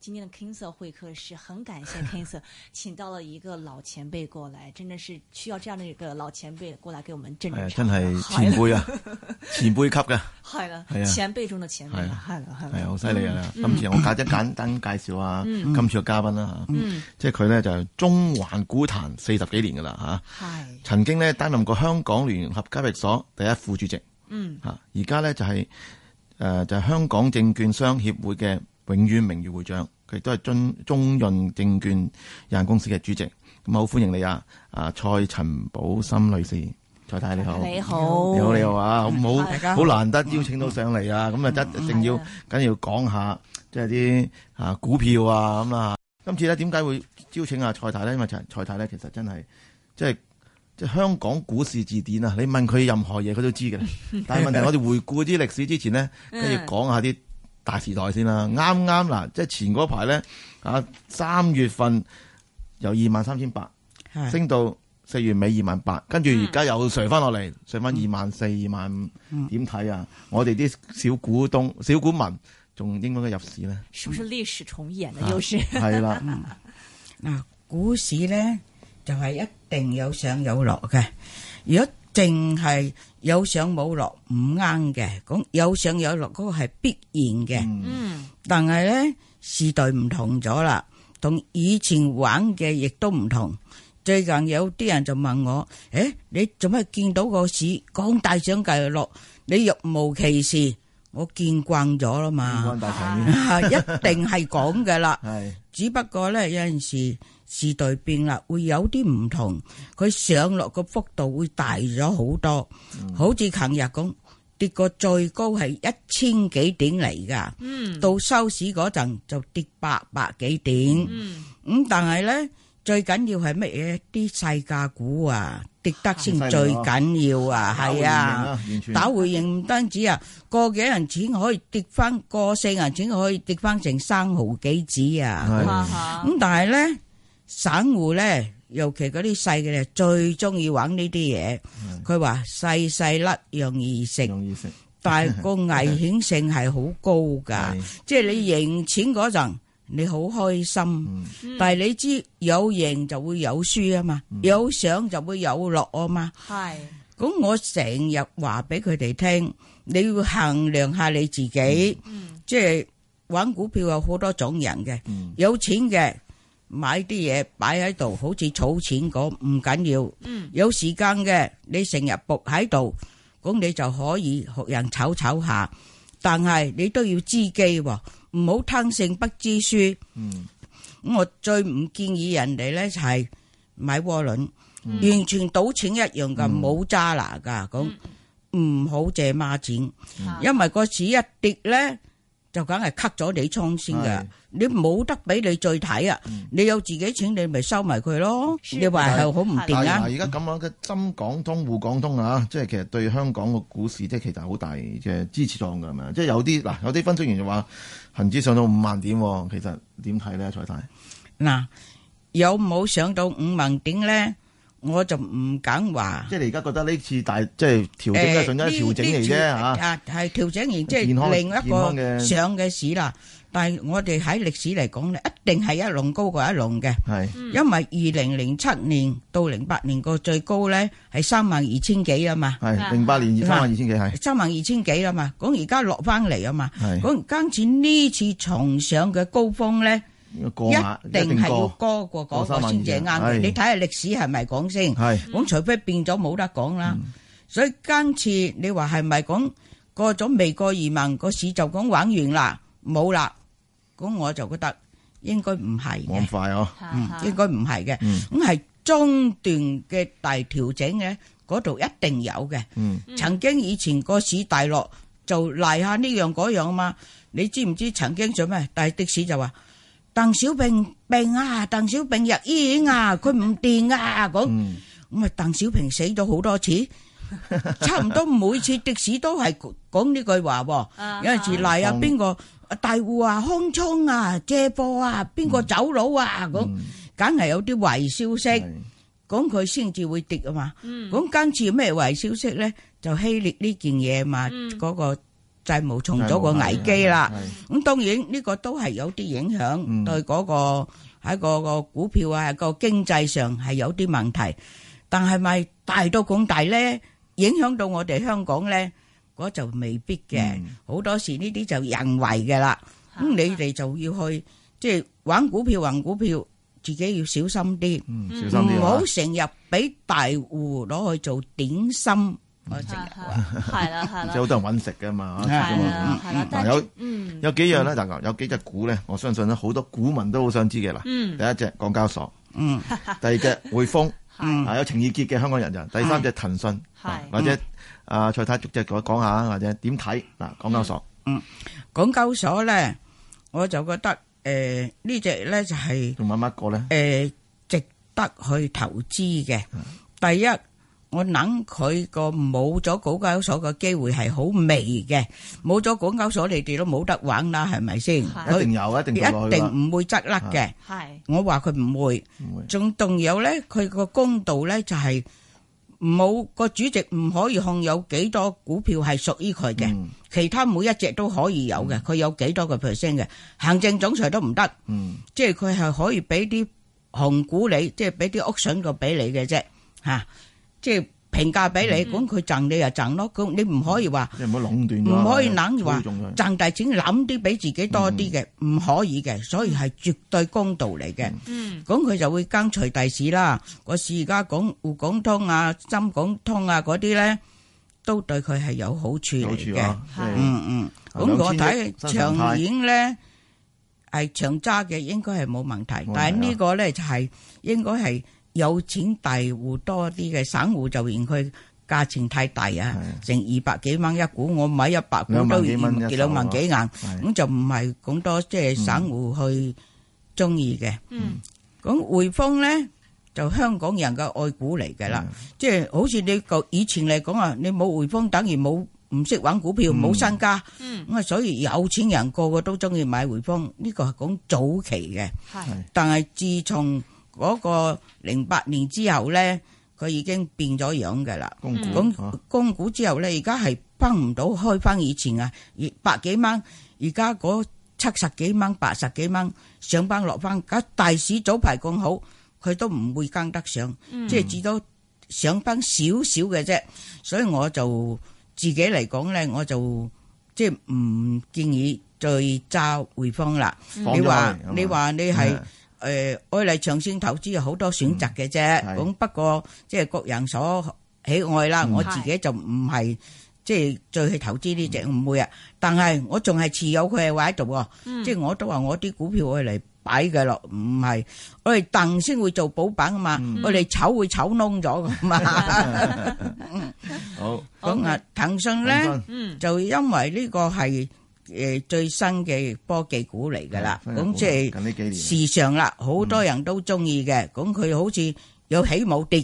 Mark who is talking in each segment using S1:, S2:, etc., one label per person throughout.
S1: 今天的 King Sir 會客室，很感謝 King Sir，請到了一個老前輩過來，真的是需要這樣的一個老前輩過來給我們震震場。真係前輩啊，前輩級嘅。係啦，係啊，前輩中的前輩。係啦，係啦，係啊，好犀利啊！今次我簡單
S2: 簡單介紹下今次嘅嘉賓啦吓，即係佢呢，就係中環古壇四十幾年噶啦吓，係曾經呢，擔任過香港聯合交易所第一副主席，嗯吓，而家呢，就係誒就係香港證券商協會嘅。永遠名譽會長，佢都係中中潤證券有限公司嘅主席，咁好歡迎你啊！啊蔡陳葆心女士，蔡太你，你，好你好，你好，你好你好啊！好唔好？好難得邀請到上嚟啊！咁啊，一定要緊要講下，即係啲啊股票啊咁啦，啊。今次咧點解會邀請阿蔡太咧？因為蔡太咧其實真係即係即係香港股市字典啊！你問佢任何嘢，佢都知嘅。 但係問題我哋回顧啲歷史之前呢，跟住講下啲。大時代先、啊、啱啱啦，啱啱嗱，即係前嗰排咧，啊三月份由二萬三千八升到四月尾二萬八，跟住而家又上翻落嚟，上翻二萬四、二萬五，點睇啊？嗯、我哋啲小股東、小股民仲應，應該入市咧。
S1: 係唔係歷史重演嘅、嗯啊、又是？係 啦，
S2: 嗱、
S3: 嗯，股、啊、市咧就係、是、一定有上有落嘅，一。淨係有上冇落唔啱嘅，咁有上有落嗰，那個係必然嘅。嗯，但係咧時代唔同咗啦，同以前玩嘅亦都唔同。最近有啲人就問我，誒、欸，你做咩見到個市講大上大落，你若無其事？我見慣咗啦嘛， 一定係講嘅啦。係 是，只不過咧有陣時。時代變啦，會有啲唔同。佢上落個幅度會大咗好多，嗯、好似琴日咁跌個最高係一千幾點嚟噶。嗯，到收市嗰陣就跌八百幾點。嗯，咁、嗯、但係咧最緊要係乜嘢？啲細價股啊跌得先最緊要啊，係啊打回應唔單止啊，個幾銀錢可以跌翻，個四銀錢可以跌翻成三毫幾紙啊。係啊，咁但係咧。散戶呢，尤其嗰啲細嘅嘢，最鍾意玩呢啲嘢，佢話，細細粒容易成，但係個危險性係好高㗎，即係你贏錢嗰陣，你好開心，但你知，有贏就會有輸吖嘛，有上就會有落，吖嘛，係。咁我成日話俾佢哋聽，你要衡量下你自己，即係，玩股票有好多種人嘅，有錢嘅， 買啲嘢擺喺度，好似儲錢咁，唔緊要。嗯、有時間嘅，你成日搏喺度，咁你就可以學人炒炒下。但係你都要知機、哦，唔好貪勝不知輸。咁、嗯、我最唔建議人哋咧，就係、是、買窩輪，嗯、完全賭錢一樣噶，冇揸拿噶，咁唔好借孖錢，嗯嗯、因為個市一跌咧。就梗係 cut 咗你倉先嘅，是你冇得俾你再睇啊！嗯、你有自己錢，你咪收埋佢咯。書你話係好唔掂啊？而
S2: 家咁樣嘅深港通滬港通啊，即係其實對香港嘅股市即係其實好大嘅支持作用噶，係咪？即係有啲嗱、啊，有啲分析員就話恒指上到五萬點，其實點睇咧？蔡太嗱，有冇
S3: 上到五萬點咧？我就唔敢話，即係你而家覺得呢次大即係調整，係純咗調整嚟啫吓。啊，係調整完即係另一個上嘅市啦。但係我哋喺歷史嚟講咧，一定係一浪高過一浪嘅。係，因為二零零七年到零八年個最高咧係三萬二千幾啊嘛。係，零八年二三萬二千幾係。三萬二千幾啊嘛，咁而家落翻嚟啊嘛。係，咁今次呢次重上嘅高峰咧。一定係要高過嗰個先正啱嘅。你睇下歷史係咪講先？係咁，除非變咗冇得講啦。所以今次你話係咪講過咗未過移民個市就講玩完啦，冇啦？咁我就覺得應該唔係嘅，冇咁快哦，應該唔係嘅。咁係中段嘅大調整嘅嗰度一定有嘅。曾經以前個市大落就嚟下呢樣嗰樣嘛。你知唔知曾經做咩？但係的士就話。鄧小平病啊，鄧小平入醫院啊，佢唔掂啊，咁咁啊鄧小平死咗好多次，差唔多每次的士都係講呢句話，有陣時嚟啊邊個大戶啊空倉啊借貨啊邊個走佬啊，咁梗係有啲壞消息，咁佢先至會跌啊嘛，咁今次咩壞消息咧？就希臘呢件嘢嘛，嗰個。債務重組個危機啦，咁當然呢個都係有啲影響，對嗰個喺個個股票啊，個經濟上係有啲問題。但係咪大到咁大咧？影響到我哋香港咧，嗰就未必嘅。好多時呢啲就人為嘅啦。咁你哋就要去即係玩股票玩股票，自己要小心啲，唔好成日俾大戶攞去做點心。係啦，係啦，即係好多人搵
S2: 食嘅嘛，係有嗯有幾樣咧，大有幾隻股咧，我相信咧好多股民都好想知嘅啦。第一隻港交所，嗯，第二隻匯豐，係有情意結嘅香港人，人第三隻騰訊，
S1: 係或者
S2: 啊蔡太逐隻講講下或者點睇嗱港交所，嗯，港交所咧我就覺得
S3: 誒呢隻咧就係仲有乜個咧，誒值得去投資嘅，第一。我諗佢個冇咗港交所嘅機會係好微嘅，冇咗港交所，你哋都冇得玩啦，係咪先？一定有，一定有，一定唔會執笠嘅。係我話佢唔會，仲仲有咧，佢個公道咧就係冇個主席唔可以控有幾多股票係屬於佢嘅，其他每一隻都可以有嘅。佢有幾多個 percent 嘅行政總裁都唔得，即係佢係可以俾啲紅股你，即係俾啲 option 個俾你嘅啫，吓。即係評價俾你，咁佢賺你呀，賺咯。咁你唔可以話，你唔好壟斷，唔可以諗住話賺大錢，諗啲俾自己多啲嘅，唔可以嘅。所以係絕對公道嚟嘅。咁佢就會跟隨大市啦。個市而家講滬港通啊，深港通啊嗰啲咧，都對佢係有好處嚟嘅。嗯嗯。咁我睇長遠咧，係長揸嘅，應該係冇問題。但係呢個咧就係應該係。有錢大戶多啲嘅，散戶就嫌佢價錢太大啊，成二百幾蚊一股，我買一百股都二兩萬幾銀，咁的就唔係咁多即係散戶去中意嘅。咁、嗯嗯、匯豐咧就香港人嘅愛股嚟嘅啦，即係的好似你個以前嚟講啊，你冇匯豐等於冇唔識玩股票，冇、嗯、身家。咁啊、嗯，所以有錢人個個都中意買匯豐，呢、呢個係講早期嘅的。但係自從嗰個零八年之後咧，佢已經變咗樣嘅啦。咁供股，股之後咧，而家係崩唔到開翻以前啊！而百幾蚊，而家嗰七十幾蚊、八十幾蚊，上班落班，而家大市早排咁好，佢都唔會跟得上，嗯、即係至多上翻少少嘅啫。所以我就自己嚟講咧，我就即係唔建議再揸匯豐啦。嗯、你話說你話你係。誒，安利、長線投資有好多選擇嘅啫。咁不過即係各人所喜愛啦。我自己就唔係即係再去投資呢隻，唔會啊。但係我仲係持有佢嘅位喺度喎。即係我都話我啲股票我嚟擺嘅咯，唔係我哋等先會做補品啊嘛。我哋炒會炒窿咗噶嘛。好，咁啊，騰訊咧就因為呢個係。誒，最新嘅科技股嚟噶啦，咁即係近呢幾
S2: 年時
S3: 尚啦，好多人都中意嘅。咁佢好似有起冇跌，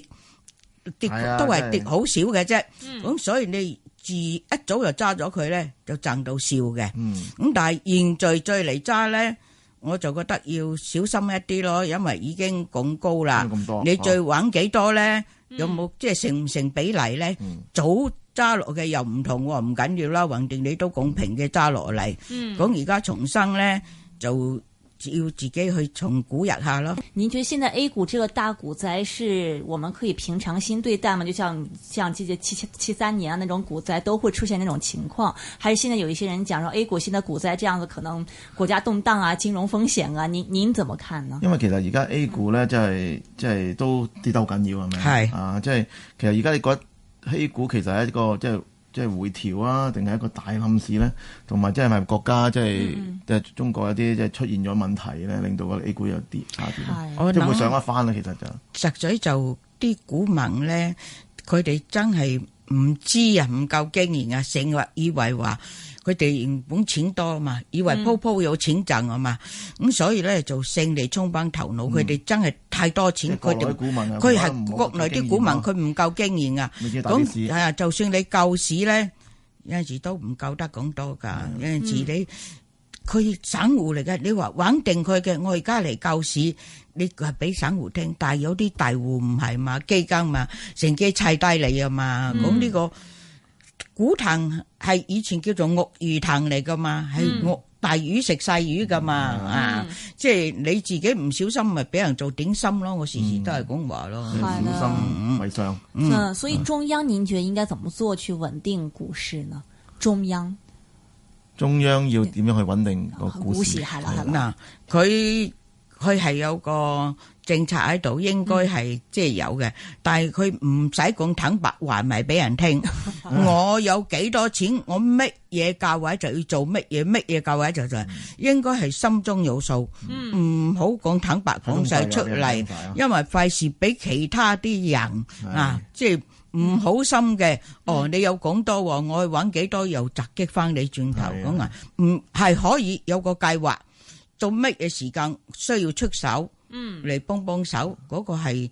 S3: 跌都係跌好少嘅啫。咁所以你自一早就揸咗佢咧，就賺到笑嘅。咁但係現在再嚟揸咧，我就覺得要小心一啲咯，因為已經咁高啦。你再揾幾多咧，有冇即係成唔成比例咧？早。揸落嘅又唔同，唔緊要啦，橫掂你都公平嘅揸落嚟。咁而家重生呢，就要自己去重估一下咯。
S1: 您覺得現在 A 股這個大股災是我們可以平常心對待嗎？就像像，像七七七七三年啊，那種股災都會出現那種情況，還是現在有一些人講說 A 股現在股災這樣子，可能國家動蕩啊，金融風險啊，您您怎麼看呢？因
S2: 為其實而家 A 股呢，即係即係都跌得好緊要係咪？係嗎是啊，即係其實而家你覺得？A 股其實係一個即係即係回調啊，定係一個大冧市咧，同埋即係咪國家即係誒中國有啲即係出現咗問題咧，令到個 A 股有跌下跌，都冇的上一翻咧。的其實就實在就啲
S3: 股民咧，佢哋真係唔知啊，唔夠經驗啊，成日以為話。佢哋原本錢多嘛，以為鋪鋪有錢賺啊嘛，咁、嗯、所以咧就勝利沖昏頭腦。佢哋真係太多錢，佢哋佢係國內啲股民，佢唔夠經驗啊。咁係啊，就算你救市咧，有陣時都唔救得咁多㗎。嗯、有陣時你佢散戶嚟嘅，你話穩定佢嘅，我而家嚟救市，你係俾散戶聽。但係有啲大戶唔係嘛，基金嘛，乘機砌低你啊嘛。咁呢、呢個。嗯股壇，係以前叫做鱷魚潭嚟噶嘛，係鱷、嗯、大魚食細魚噶嘛，嗯、啊，即係你自己唔小心咪俾人做點心咯，我時時都係咁話咯，嗯嗯、小心
S2: 為上。嗯，嗯所以中
S1: 央，您覺得應該怎麼做去穩定股市呢？中央，
S2: 中央要點樣去穩定股市？係啦係啦，嗱
S3: 佢。了的佢係有個政策喺度，應該係、嗯、即係有嘅，但係佢唔使講坦白話咪俾人聽。唉 我有幾多錢，我乜嘢價位就要做乜嘢，乜嘢價位就就係應該係心中有數，唔、嗯、好講坦白講晒出嚟，嗯、因為費事俾其他啲人是啊，即係唔好心嘅。嗯、哦，你有講多，我去揾幾多又襲擊返你轉頭咁啊？唔係是是可以有個計劃。到乜嘢時間需要出手嚟幫幫手，嗰、嗯那個係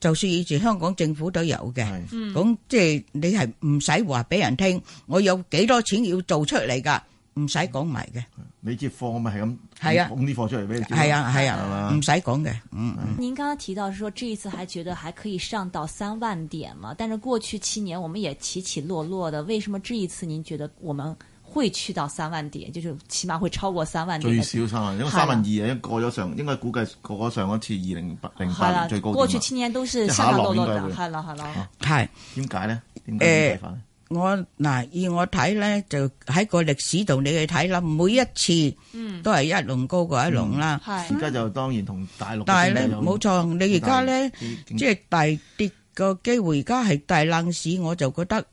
S3: 就算以前香港政府都有嘅。咁即係你係唔使話俾人聽，我有幾多錢要做出嚟噶，唔使講埋嘅。你接貨咪係咁，係啊，捧啲貨出嚟俾你。係啊係啊，唔使講嘅。嗯
S1: 嗯。您剛剛提到說這一次還覺得還可以上到三萬點嘛？但是過去七年我們也起起落落，落的，為什麼這一次您覺得我們？會去到三萬點，就係起碼會超過三萬點,點。最
S2: 少三萬，因為三萬二啊的，過咗了上，應該估計過咗上嗰次二零八零八年最高點過去千年都是多多下落落落的，係啦係啦。係，點解咧？誒、呃，我嗱，以我
S3: 睇咧，就喺個歷史度你去睇啦，每一次都係一輪高過一輪啦。而家、嗯、的就當然同大陸，但係咧冇錯，你而家咧即係大跌個機會，而家係大冷市，我就覺得。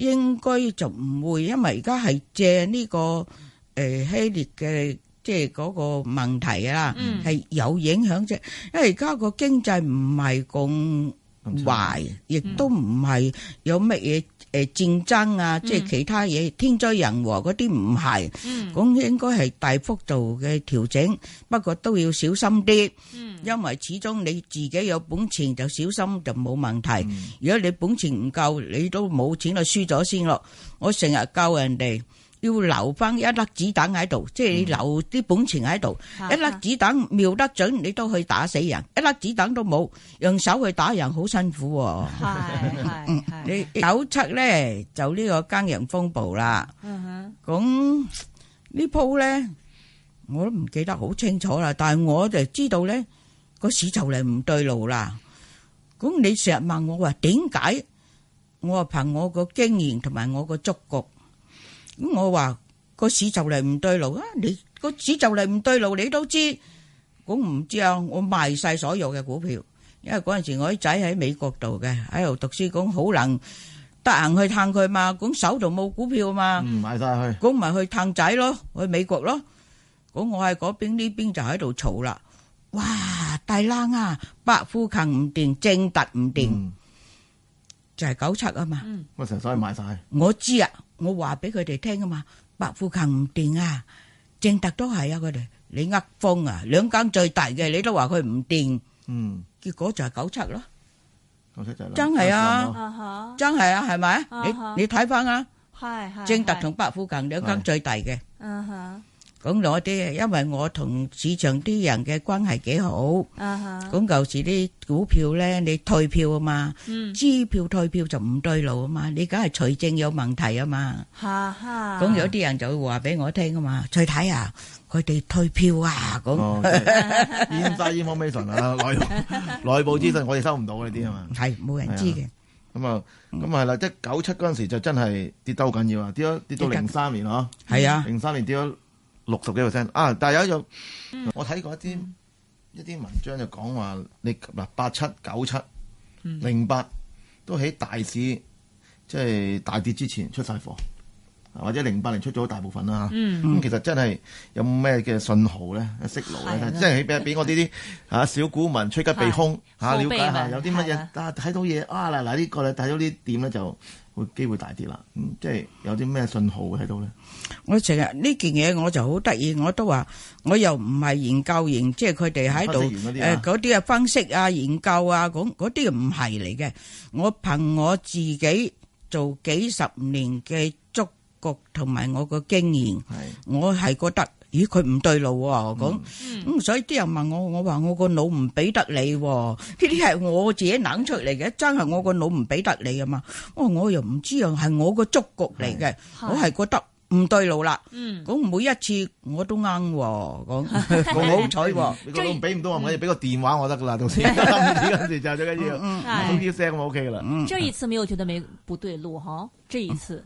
S3: 應該就唔會，因為而家係借呢、這個誒、呃、希臘嘅即係嗰個問題啦，係、嗯、有影響啫。因為而家個經濟唔係咁壞，亦、嗯、都唔係有乜嘢。誒、欸，戰爭啊，即係其他嘢，嗯、天災人禍嗰啲唔係，咁、嗯、應該係大幅度嘅調整，不過都要小心啲，嗯、因為始終你自己有本錢就小心就冇問題，嗯、如果你本錢唔夠，你都冇錢就輸咗先咯，我成日教人哋。要留翻一粒子彈喺度，即係你留啲本錢喺度。一粒子彈瞄得準，你都可以打死人；一粒子彈都冇，用手去打人好辛苦喎。係係係，你九七咧就呢個金融風暴啦。嗯哼，咁呢鋪咧我都唔記得好清楚啦，但係我就知道咧個市就嚟唔對路啦。咁你成日問我話點解？我憑我個經驗同埋我個觸覺。咁我話個市就嚟唔對路啊！你個市就嚟唔對路，你都知。我唔知啊，我賣晒所有嘅股票，因為嗰陣時我啲仔喺美國度嘅，喺度讀書。咁好能得閒去探佢嘛？咁手度冇股票嘛？嗯，買晒去。咁咪去探仔咯，去美國咯。咁我喺嗰邊呢邊就喺度嘈啦。哇！大冷啊，百富勤唔掂，正達唔掂，就係九七啊嘛。我成手係買晒。我知啊。我話俾佢哋聽啊嘛，百富勤唔掂啊，正達都係啊，佢哋你呃風啊，兩間最大嘅，你都話佢唔掂，嗯，結果就係九七咯，九七就係咯，真係啊，真係啊，係咪啊？你你睇返啊，係係，正達同百富勤兩間最大嘅，嗯
S1: 吓。
S3: 咁攞啲，因為我同市場啲人嘅關係幾好。咁舊時啲股票咧，你退票啊嘛，支票退票就唔對路啊嘛，你梗係財政有問題啊嘛。
S1: 咁有啲
S3: 人就會話俾我聽啊嘛，蔡太啊，佢哋退票啊，
S2: 咁 inside information 啊，內內部資訊我哋收唔到呢啲啊嘛，係冇人知嘅。咁啊，咁啊係啦，即九七嗰陣時就真係跌得好緊要啊，跌咗跌到零三年啊，係啊，零三年跌咗。六十幾個 percent 啊！但係有一種，我睇過一啲一啲文章就講話，你嗱八七九七零八都喺大市即係大跌之前出晒貨，或者零八年出咗大部分啦嚇。咁其實真係有咩嘅信號咧？息爐咧，即係俾俾我啲啲嚇小股民趨吉避兇嚇，瞭解下有啲乜嘢啊？睇到嘢啊！嗱嗱呢個你睇到啲點咧就～會機會大啲啦，咁、嗯、即係有啲咩信號喺度咧？我成日呢件嘢我就好得意，我都話我又唔係
S3: 研究員，即係佢哋喺度誒嗰啲嘅分析啊、研究啊，嗰嗰啲唔係嚟嘅。我憑我自己做幾十年嘅觸覺同埋我個經驗，是我係覺得。咦，佢唔對路喎，咁咁所以啲人問我，我話我個腦唔俾得你，呢啲係我自己諗出嚟嘅，真係我個腦唔俾得你啊嘛，哦我又唔知啊，係我個觸覺嚟嘅，我係覺得唔對路啦，咁每一次我都啱喎，咁
S1: 我好彩喎。你個腦
S2: 俾唔到我，我哋俾個電話我得噶啦，到時唔知嗰時就最緊要，冇叫聲 OK 啦。這一
S1: 次冇有覺得冇唔對路哈，這一次，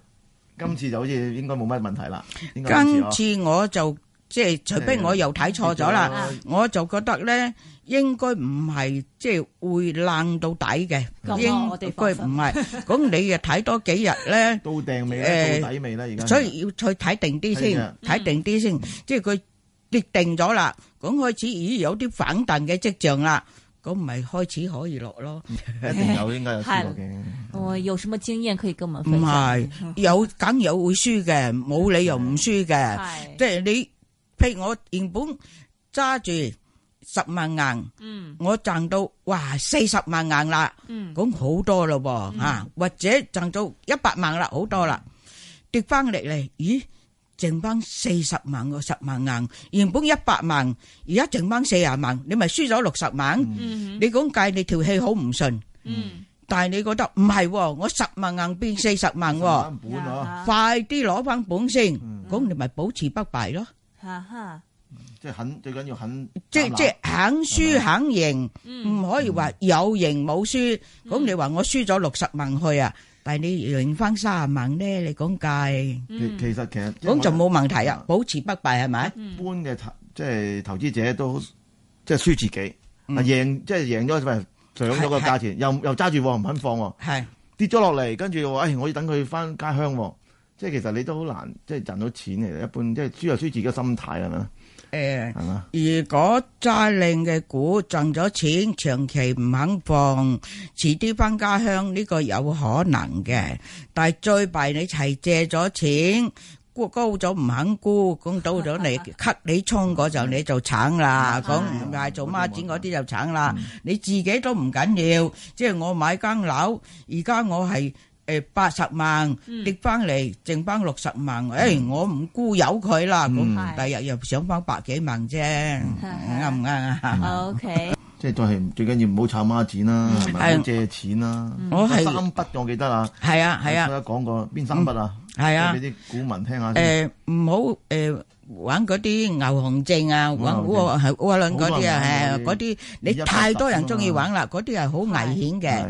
S2: 今次就好似應該冇乜問題啦，今次我就。即係除非我又睇錯咗啦，
S3: 我就覺得咧應該唔係即係會爛到底嘅，應該唔係。咁你又睇多幾日咧？到頂未咧？到底未咧？而家所以要再睇定啲先，睇定啲先，即係佢跌定咗啦。咁開始咦有啲反彈嘅跡象啦，咁唔係開始可以落咯？一定有，應該有跌落嘅。
S1: 我有什麼經驗可以跟我們？唔係，
S3: 有梗有會輸嘅，冇理由唔輸嘅。
S1: 即係你。我原本揸
S3: 住十萬銀，我賺到哇四十萬銀啦，咁好多咯，或者賺到一百萬啦，好多啦，跌翻嚟嚟咦，剩翻四十萬喎，十萬銀，原本一百萬而家剩翻四十萬，你咪輸咗六十萬，你咁計，你條氣好唔順，但係你覺得唔係，我十萬銀變四十萬，快啲攞翻本先，咁你咪保持不敗咯。
S1: 啊
S2: 哈！即係肯，最緊要肯，即即
S3: 肯輸肯贏，唔可以話有贏冇輸。咁你話我輸咗六十萬去啊，但係你贏翻卅萬咧，你講計？其其
S2: 實其實咁就冇問題啊，保持不敗係咪？一般嘅即係投資者都即係輸自己，啊贏即係贏咗就上咗個價錢，又又揸住唔肯放，跌咗落嚟，跟住我話誒，我要等佢翻家鄉。即係其實你都好難，即係賺到錢其實一般，即係輸就輸自己個心態啦。誒、欸，係嘛吧？如
S3: 果齋令嘅股賺咗錢，長期唔肯放，遲啲翻家鄉呢，這個有可能嘅。但係最弊你係借咗錢沽高咗唔肯沽，咁到咗你吸 你衝嗰陣你就慘啦。咁唔係做孖展嗰啲就慘啦。嗯、你自己都唔緊要，即係我買間樓，而家我係。誒，八十萬跌翻嚟，剩翻六十萬，誒，我唔沽，由佢啦，咁第日又想翻百幾萬啫，啱
S2: 唔啱啊？O K，即係都係最緊要唔好炒孖錢啦，唔好借錢啦，我三筆我記得啦，係啊係啊，講過邊三筆啊？係啊，俾啲
S3: 股民聽下。誒，唔好誒玩嗰啲牛熊證啊，玩窩窩輪嗰啲啊，係嗰啲你太多人中意玩啦，嗰啲係好危險嘅。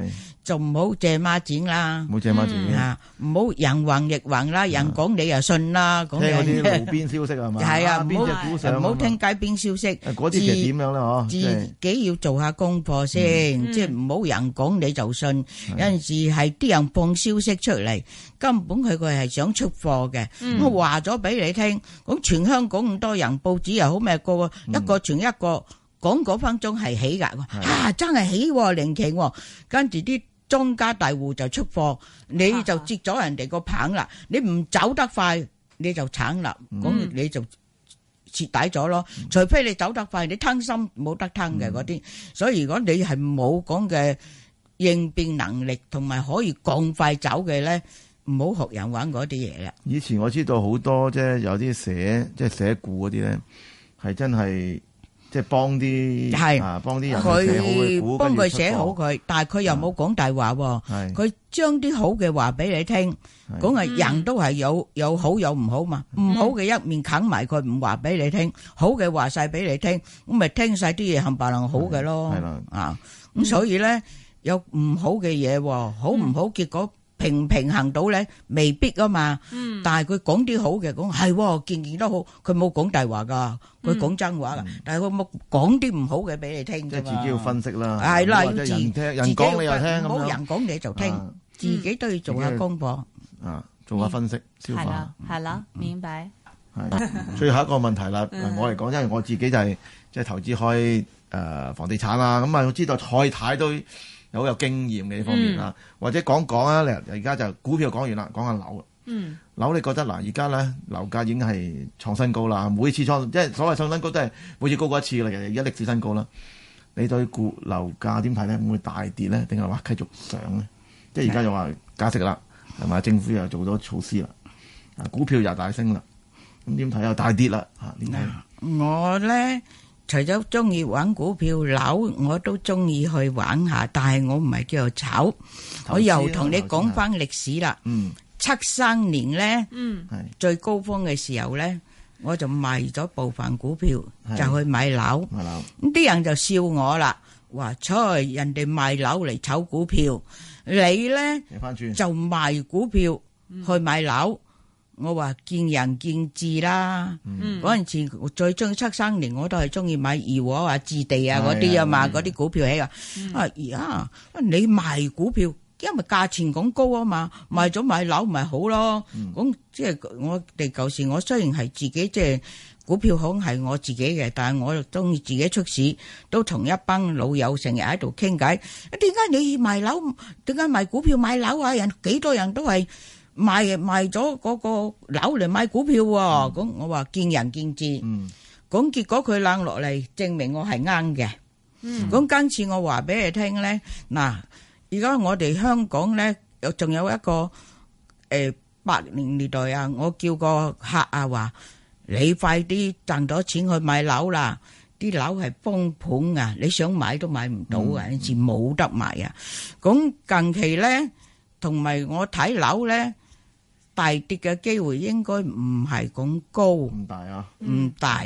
S3: 就唔好借孖展啦，唔好借孖展啊！唔好人云亦云啦，人講你又信啦。聽嗰啲路邊
S2: 消息係嘛？係啊，邊隻股上？唔好
S3: 聽街邊消息。嗰啲其實點樣咧？自己要做下功課先，即係唔好人講你就信。有陣時係啲人放消息出嚟，根本佢佢係想出貨嘅。我話咗俾你聽，咁全香港咁多人，報紙又好，咩個個一個傳一個講，嗰分鐘係起噶，嚇真係起喎，零起喎，跟住啲。莊家大戶就出貨，你就接咗人哋個棒啦。你唔走得快，你就慘啦。咁你就蝕底咗咯。除非你走得快，你貪心冇得貪嘅嗰啲。所以如果你係冇講嘅應變能力，同埋可以咁快走嘅咧，唔好學人玩嗰啲嘢啦。
S2: 以前我知道好多即係有啲寫即係寫股嗰啲咧，係真係。即係幫啲係，幫啲人佢幫佢寫好
S3: 佢，但係佢又冇講大話喎。佢將啲好嘅話俾你聽，講係人都係有有好有唔好嘛。唔好嘅一面冚埋佢，唔話俾你聽，好嘅話晒俾你聽，咁咪聽晒啲嘢冚唪唥好嘅咯。係啦，啊咁所以咧有唔好嘅嘢，好唔好結果？平唔平衡到咧，未必啊嘛。但係佢講啲好嘅，講係件件都好。佢冇講大話噶，佢講真話噶。但係佢冇講啲唔好嘅俾你聽啫嘛。即係自己要分析啦。係啦，要人聽，人講你就聽咁咯。
S2: 冇人講你就聽，
S1: 自己都要做下功課。啊，
S2: 做下分析，消化
S1: 係啦，明白。
S2: 係最後一個問題啦。我嚟講，因為我自己就係即係投資開誒房地產啦。咁啊，我知道蔡太都。好有經驗嘅呢方面啊，嗯、或者講講啊，你而家就股票講完啦，講下樓。嗯。樓，你覺得嗱，而家咧樓價已經係創新高啦，每次創即係所謂創新高都係每次高過一次嚟嘅，而家歷史新高啦。你對股樓價點睇咧？會唔會大跌咧？定係話繼續上咧？即係而家又話加息啦，係咪？政府又做咗措施啦，啊股票又大升啦，咁點睇又大跌啦？嚇點睇啊，我咧。
S3: 除咗中意玩股票、樓，我都中意去玩下，但係我唔係叫做炒。我又同你講翻歷史啦，七三年咧，最高峰嘅時候咧，我就賣咗部分股票，就去買樓，買樓。
S2: 咁
S3: 啲人就笑我啦，話，出人哋賣樓嚟炒股票，你咧就賣股票去買樓。我話見仁見智啦。嗰陣、嗯、時最中意七三年，我都係中意買怡和啊置地啊嗰啲啊嘛，嗰啲股票起、嗯、啊。啊而家你賣股票，因為價錢咁高啊嘛，賣咗買樓咪好咯。咁、嗯、即係我哋舊時，我雖然係自己即係股票行係我自己嘅，但係我又中意自己出市，都同一班老友成日喺度傾偈。啊，點解你去賣樓？點解賣股票買樓啊？人幾多人都係。賣賣咗嗰個樓嚟買股票喎、哦，咁、嗯、我話見仁見智，咁、嗯、結果佢冷落嚟，證明我係啱嘅。咁、嗯、今次我話俾你聽咧，嗱，而家我哋香港咧，有仲有一個誒八零年代啊，我叫個客啊話，你快啲賺咗錢去買樓啦，啲樓係崩盤啊，你想買都買唔到啊，你似冇得買啊。咁近期咧，同埋我睇樓咧。大跌嘅機會應該唔係咁高，唔大啊，唔大。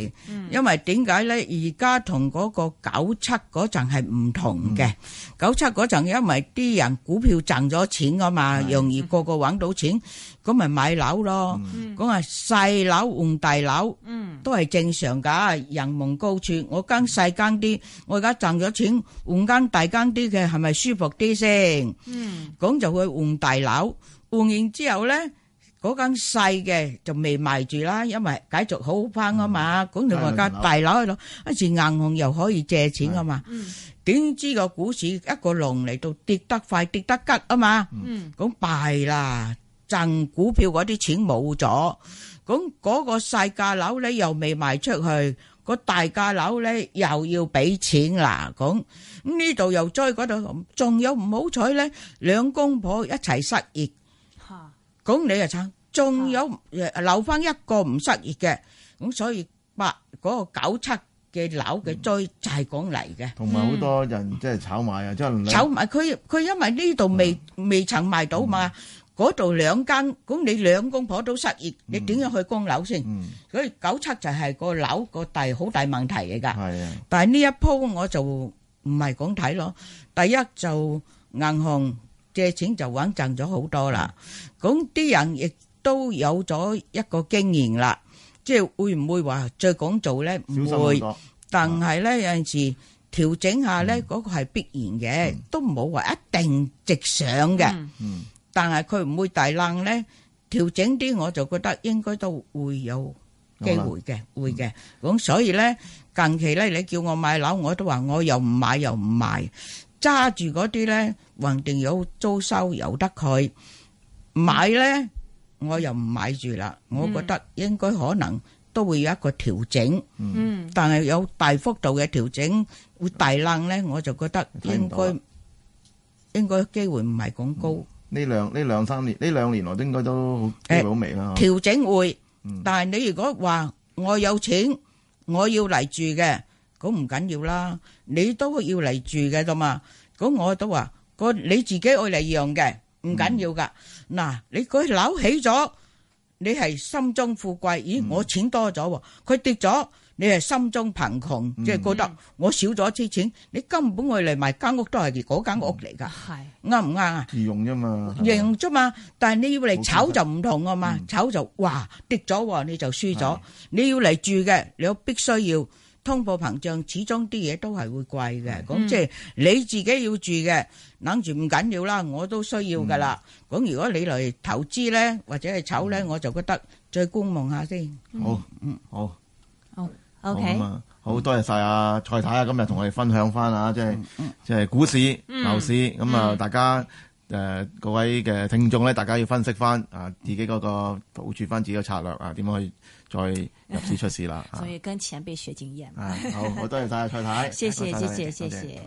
S3: 因為點解咧？而家同嗰個九七嗰陣係唔同嘅。九七嗰陣，因為啲人股票賺咗錢啊嘛，的容易個個揾到錢，咁咪、嗯、買樓咯。講係細樓換大樓，嗯、都係正常㗎。人望高處，我間細間啲，我而家賺咗錢，換間大間啲嘅係咪舒服啲先？咁、嗯、就會換大樓，換完之後咧。嗰間細嘅就未賣住啦，因為繼續好好返啊嘛。咁你話架大樓去囉，一時銀行又可以借錢啊嘛。點知個股市一個浪嚟到跌得快，跌得急啊嘛。咁敗啦，賺股票嗰啲錢冇咗。咁嗰個細價樓咧又未賣出去，個大價樓咧又要俾錢啦。咁咁呢度又追嗰度，仲有唔好彩咧，兩公婆一齊失業。咁你又撐，仲有留翻一個唔失業嘅，咁所以八嗰個九七嘅樓嘅災就係講嚟嘅，同埋好多
S2: 人即係炒賣啊，即係炒賣
S3: 佢佢因為呢度未未曾賣到嘛，嗰度兩間，咁你兩公婆都失業，你點樣去供樓先？所以九七就係個樓個大好大問題嚟㗎，但係呢一鋪我就唔係講睇咯，第一就銀行。借錢就穩賺咗好多啦，咁啲人亦都有咗一個經驗啦，即係會唔會話再講做咧？唔會，但係咧有陣時調整下咧，嗰個係必然嘅，都唔好話一定直上嘅。嗯，嗯，但係佢唔會大冷咧，調整啲我就覺得應該都會有機會嘅，會嘅。咁所以咧近期咧，你叫我買樓，我都話我又唔買又唔賣。揸住嗰啲咧，橫掂有租收由得佢買咧，我又唔買住啦。我覺得應該可能都會有一個調整，嗯，但係有大幅度嘅調整會大冷咧，我就覺得應該應該機
S2: 會唔係咁高。呢兩呢兩三年呢兩年來都應該都機會好微啦。調
S3: 整會，但係你如果話我有錢，我要嚟住嘅。咁唔緊要啦，你都要嚟住嘅啫嘛。咁我都話，個你自己愛嚟用嘅，唔緊要噶。嗱，你佢樓起咗，你係心中富貴，咦？我錢多咗，佢跌咗，你係心中貧窮，即係覺得我少咗啲錢。你根本愛嚟買間屋都係嗰間屋嚟噶，係啱唔啱啊？自用啫嘛，用啫嘛。但係你要嚟炒就唔同啊嘛，炒就哇跌咗你就輸咗。你要嚟住嘅，你必須要。通貨膨脹始終啲嘢都係會貴嘅，咁即係你自己要住嘅，諗住唔緊要啦，我都需要噶啦。咁如果你嚟投資咧或者係炒咧，我就覺得再觀望下先。好，嗯，好，好，OK。咁啊，
S2: 好多謝晒啊蔡太啊，今日同我哋分享翻啊，即係即係股市、樓市，咁啊，大家。誒、呃、各位嘅聽眾咧，大家要分析翻啊，自己嗰、那個保住翻自己嘅策略啊，點樣去再入市出市啦。 所
S1: 以跟前輩學經驗啊。好，好多謝曬蔡太。謝謝，謝謝，謝謝。